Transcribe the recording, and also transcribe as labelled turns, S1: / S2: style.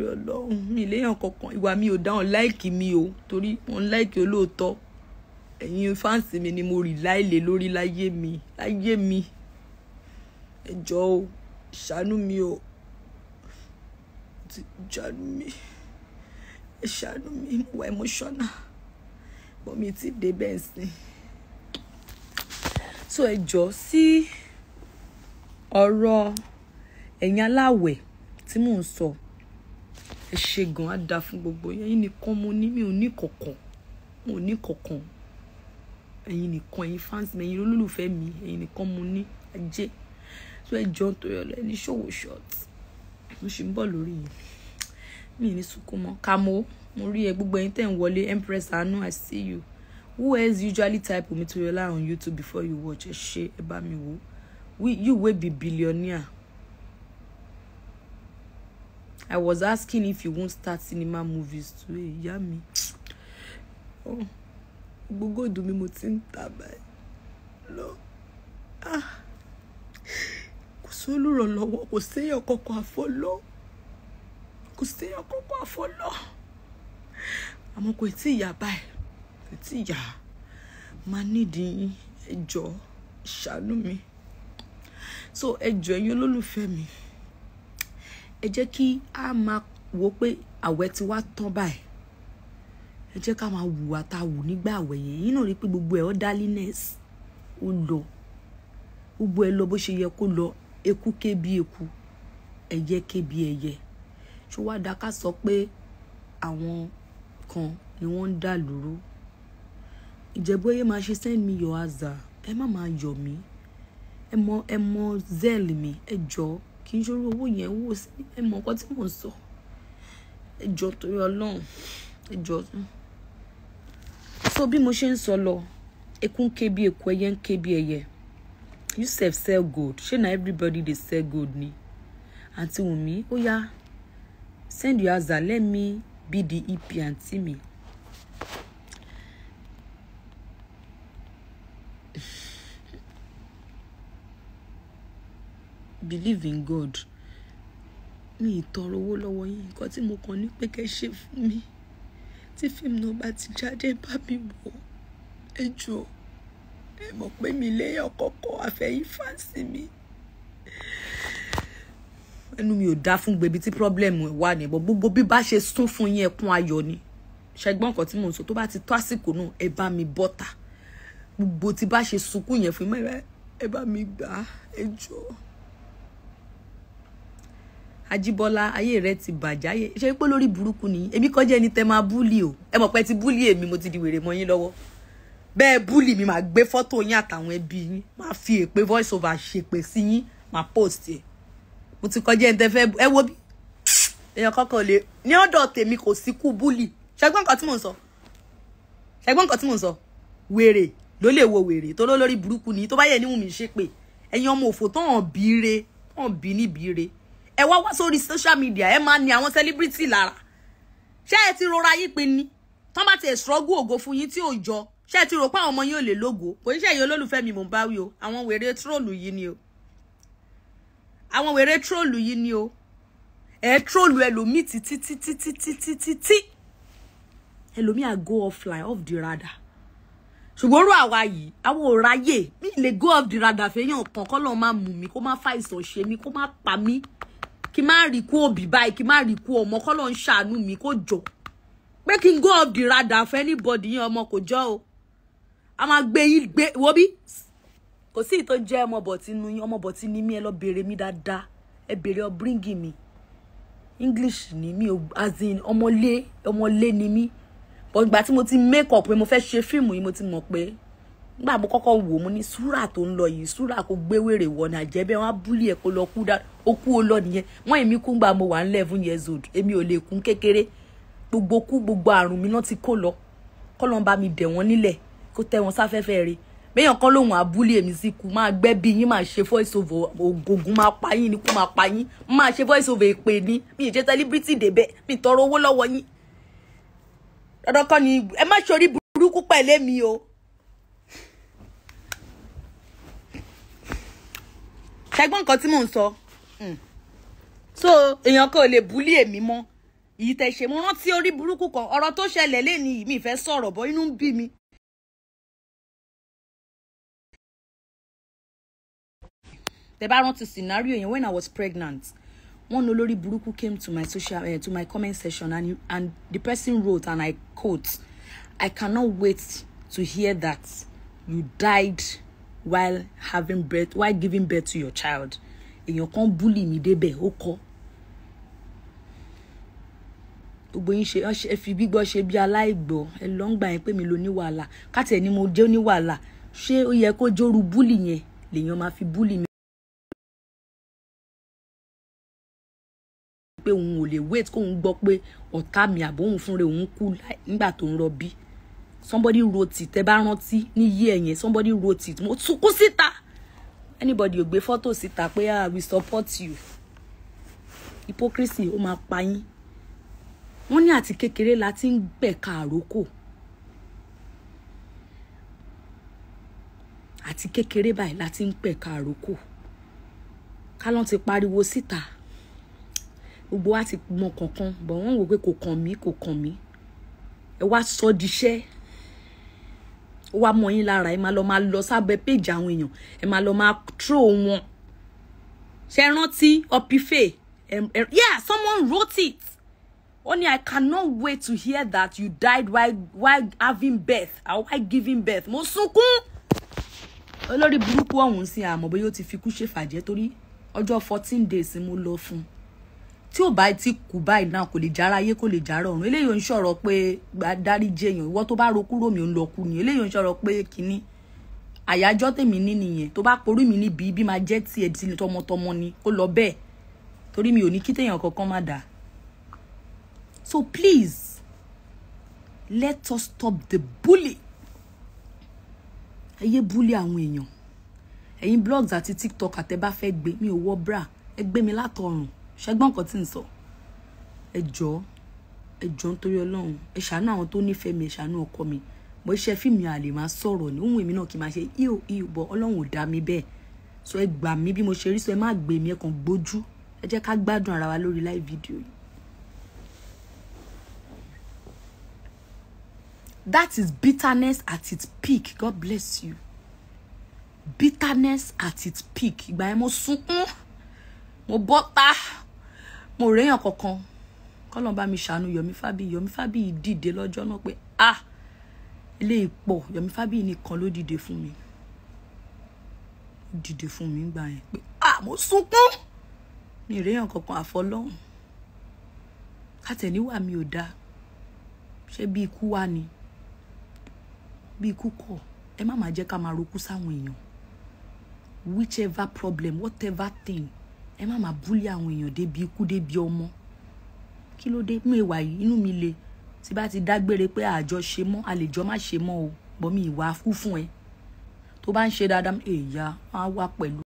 S1: torí ọlọ́run mi léèyàn kankan ìwà mi ò dáhùn láìkì mi o torí mo ń láìkì olóòótọ́ ẹ̀yin fáǹsì mi ni mo rì láìlè lórí láyé mi láyé mi ẹ jọ̀ọ́ o ṣàánú mi o ti ṣàánú mi ẹ mi wà emotional bọ́ mi ti dé bẹ́ẹ̀ sí so ẹ jọ̀ọ́ sí ọ̀rọ̀ ẹ̀yin aláwẹ̀ tí mò ń sọ. So ẹ ṣe gan á dáa fún gbogbo yín ẹ̀yin nìkan mo ní mi ò ní kọ̀ọ̀kan mo ò ní kọ̀ọ̀kan ẹ̀yin nìkan ẹ̀yin fans mi ẹ̀yin olólùfẹ́ mi ẹ̀yin nìkan mo ní ajé tó ẹ jọ nítorí ọ̀la ẹni ṣòwò short mo ṣì ń bọ̀ lórí yìí mi ní sunkún mọ́ kàmó mo rí ẹ gbogbo ẹ̀yin tẹ̀ ń wọlé empress anu i see you who else usually type Omitoyola on YouTube before you watch ẹ ṣe ẹ bá mi wò you wey be billionaire I was asking if you won't start cinema movies too. Hey, ìyá Oh, gbogbo ìdùn mi mo ti ń ta báyìí. Ah. Kò sólùrànlọ́wọ́, kò séèyàn kankan àfọlọ́. koko séèyàn kankan àfọlọ́. Àmọ́ kò tí ì yá báyìí. Kò tí ì yá. Máa nídìí ẹjọ́ ṣàánú mi. So ẹjọ́ ẹ̀yin olólùfẹ́ mi ẹ jẹ́ kí a máa wò pé àwẹ̀ ti wá tán báyìí ẹ jẹ́ ká máa wùwà tá a wù nígbà àwẹ̀ yẹn yín náà rí pé gbogbo ẹ̀ orderliness ó lọ gbogbo ẹ̀ lọ bó ṣe yẹ kó lọ eku ké bí eku ẹyẹ ké ẹyẹ ṣó wá da ká sọ pé àwọn kan ni wọ́n ń dà lóru ìjẹ̀bú máa ṣe send me your answer ẹ má máa yọ̀ mí ẹ mọ ẹ mọ zẹ́ẹ̀lì mi ẹ jọ̀ọ́ kì í ṣòro owó yẹn wò sí ẹ mọ nǹkan tí mò ń sọ ẹjọ torí Ọlọ́run ẹjọ so bí mo ṣe ń sọ lọ eku ń eku ẹyẹ ń ké ẹyẹ you sef sell gold ṣé na everybody dey sell gold ni àǹtí Wùnmí ó yá send your aza let me be the e àǹtí mi believe in God mi ì tọrọ owó lọ́wọ́ yín nǹkan tí mo kàn ní pé kẹ́ ṣe fún mi tí fíìmù náà bá ti jáde bá mi wò ẹ jọ ẹ mọ̀ pé mi léèyàn kọ́kọ́ àfẹ́yìn fáǹsì mi ẹnu mi ò dá fún gbèbí tí pírọ́blẹ́mù ẹ̀ wà ní bọ́ gbogbo bí bá ṣe sún fún yín ẹkún ayọ̀ ni ṣẹgbọ́n nǹkan tí mò ń sọ tó bá ti tó àsìkò náà ẹ bá mi bọ́ta gbogbo tí bá ṣe sunkún yẹn fún mi ẹ bá mi gbà ẹ jọ̀ọ́. Ajíbọ́lá ayé rẹ ti bàjẹ́ ayé ṣe pé lórí burúkú ni èmi kọjá ẹni tẹ máa búlì o ẹ mọ̀ pé ti búlì èmi mo ti di wèrè mọ́ yín lọ́wọ́ bẹ́ẹ̀ búlì mi máa gbé fọ́tò yín àtàwọn ẹbí yín máa fi èpè voice over ṣèpè sí yín máa post ẹ̀ mo ti kọjá ẹni tẹ fẹ́ ẹ wo bí èèyàn kọ́kọ́ lè ní ọ̀dọ̀ tèmi kò sí kú búlì ṣẹgbọ́n nǹkan tí mò ń sọ ṣẹgbọ́n nǹkan tí mò ń sọ wèrè ló lè wo wèrè tó lólórí burúkú ni tó bá yẹ níwùmí ṣépè ẹ̀yin ọmọ òfò tó hàn bí re hàn bí níbi re ẹ wá wá sórí social media ẹ máa ní àwọn celebrity lára ṣé ẹ ti rora yín pin ni tán bá ti ẹ̀ struggle ògo fún yín tí ò jọ ṣé ẹ ti rò pé àwọn ọmọ yín ò lè lógo kò ní ṣe èyí olólùfẹ́ mi mò ń bá wí o àwọn wèrè tróòlù yìí ni o àwọn wèrè tróòlù yìí ni o ẹ tróòlù ẹlòmíì títí títí títí títí tí ẹlòmíì à go offline off the radar ṣùgbọ́n rú àwa yìí àwọn ò ráyè mi lè go off the radar fẹ́yàn kan kọ́ lọ́ọ́ máa mú mi kó má fa ìsàn ṣe mi kó má pa mí kí má rí kú òbí báyìí kí má rí kú ọmọ kọ́ ló ń ṣàánú mi kó jọ pé kí n go up the radar for anybody yẹn ọmọ kò jọ o a máa gbé yín gbé wo bí kò sí ìtò jẹ́ ọmọ bọ̀tí nu yín ọmọ bọ̀tí ni mí ẹ lọ béèrè mi dáadáa ẹ béèrè ọ bíríngì mi english ni mí o as in ọmọlé ọmọlé ni mí but ìgbà tí mo ti make up pé mo fẹ́ ṣe fíìmù yìí mo ti mọ̀ pé nígbà mo kọ́kọ́ wò mo ní súrà tó ń lọ yìí súrà kò gbéwèrè wọ nàìjẹ́ bẹ́ẹ̀ wọ́n á búlì ẹ̀ kó lọ kú dá ó kú ó lọ nìyẹn wọ́n èmi kú ngbà mo wà ń eleven years old èmi ò lè kún kékeré gbogbo kú gbogbo àrùn mi náà ti kó lọ kọ́lọ́n bá mi dẹ̀ wọ́n nílẹ̀ kó tẹ́ wọn sáfẹ́fẹ́ re béèyàn kan lòun àbúlé èmi sí kú máa gbẹ́ bí yín máa ṣe voice over ògògùn máa pa yín ni kú máa pa yín máa ṣe voice over èpè ni mi ì jẹ́ celebrity débẹ̀ mi tọrọ owó lọ́wọ́ yín dandan kan ni ẹ má ṣorí burúkú pẹ̀lẹ́ mi o ṣẹgbọn nǹkan tí mò ń sọ hmm. so èèyàn kan ò lè búlí èmi mọ́ èyí tẹ rántí orí burúkú kan ọ̀rọ̀ tó ṣẹlẹ̀ lẹni mi ìfẹ́ sọ̀rọ̀ bọ inú ń bí mi. tẹ bá rántí scenario yẹn when I was pregnant one olórí burúkú came to my social uh, to my comment section and and the person wrote and I quote I cannot wait to hear that you died while having birth while giving birth to your child èèyàn kan bully mi débẹ̀ ó kọ́ gbogbo yín ṣe ẹ fi gbígbọ́ ṣe bí aláìgbọ́ ẹ lọ ń gbà yẹn pé mi lo ní wàhálà káàtì ẹ̀ ni mo jẹ́ ní wàhálà ṣé ó yẹ kó jóru búlì yẹn lèèyàn máa fi búlì mi. pé òun ò lè wait kóun gbọ́ pé ọ̀tá mi àbóhun fúnra òun kú nígbà tó ń rọbí somebody wrote it tẹ bá rántí Ni ye ẹ̀yẹn somebody wrote it mo sunkún síta anybody ò gbé fọ́tò síta pé ah we support you hypocrisy O ma pa yín wọ́n ní àti kékeré la ti ń gbẹ̀ka àrókò àti kékeré báyìí la ti ń pẹ̀ka àrókò kálọ́n ti pariwo síta gbogbo wa ti mọ kankan bọ̀ wọ́n wò pé kò kàn mí kò kàn mí ẹ wá sọ di iṣẹ́ ó wá mọ yín lára ẹ máa lọ máa lọ sábẹ́ péjì àwọn èèyàn ẹ máa lọ máa tró wọn ṣe rántí yeah someone wrote it Only i cannot wait to hear that you died while while having birth or while giving birth mo sunkún olórí burúkú ọ̀hún sí àmọ́ bóyá ó ti fi kú ṣèfàjẹ́ torí ọjọ́ fourteen days mo lọ fún tí ò bá ti kú báyìí náà kò lè jára ayé kò lè jára ọ̀run eléyìí ò ń sọ̀rọ̀ pé dáríjì èèyàn ìwọ tó bá rokú ròmí ò ń lọ kú ni eléyìí ò ń sọ̀rọ̀ pé kínní àyájọ́ tèmi ní nìyẹn tó bá porí mi níbi ibi máa jẹ́ tiẹ̀ ti tọmọtọmọ ni kó lọ bẹ́ẹ̀ torí mi ò ní kí téèyàn kankan má dà so please let us stop the bully ẹ yé bully àwọn èèyàn ẹ̀yin blogs àti tiktok àtẹ bá fẹ́ gbé mi ò wọ bra ẹ gbé mi látọrùn ṣẹgbọn nǹkan tí ń sọ ẹ jọ nítorí Ọlọ́run ẹ ṣàánú àwọn tó nífẹ̀ẹ́ mi ẹ ṣàánú ọkọ mi mo ṣe fíìmù àlè máa sọ̀rọ̀ ní ohun èmi náà kì í máa ṣe ihò ihò bọ Ọlọ́run ò dá mi bẹ́ẹ̀ so ẹ gbà mí bí mo ṣe rí so ẹ má gbé mi ẹ gbójú ẹ jẹ́ ká gbádùn ara wa lórí live video yìí. That is bitterness at its peak. God bless you. Bitterness at its peak. Ìgbà yẹn mo sunkún. Mo bọ́ta mo rèèyàn kankan kọ́lọ́n bá mi ṣàánú Yomi Fabiyi Yomi Fabiyi dìde lọ́jọ́ náà pé ah ilé ìpọ̀ Yomi Fabiyi nìkan ló dìde fún mi dìde fún mi gbà yẹn pé ah mo sunkún mi rèèyàn kankan àfọlọ́hún kátẹ̀níwà mi ò dáa ṣé bí ikú wá ni bí ikú kọ̀ ẹ má máa jẹ́ ká máa rokú sáwọn èèyàn whichever problem whatever thing ẹ má má búlí àwọn èèyàn débi ikú débi ọmọ kí ló dé mú ìwà yìí inú mi le tí bá ti dágbére pé àjọ ṣe mọ́ àlejò má ṣe mọ́ o bọ́ mi ìwà kú fún ẹ tó bá ń ṣe dáadáa èèyà á wá pẹ̀lú.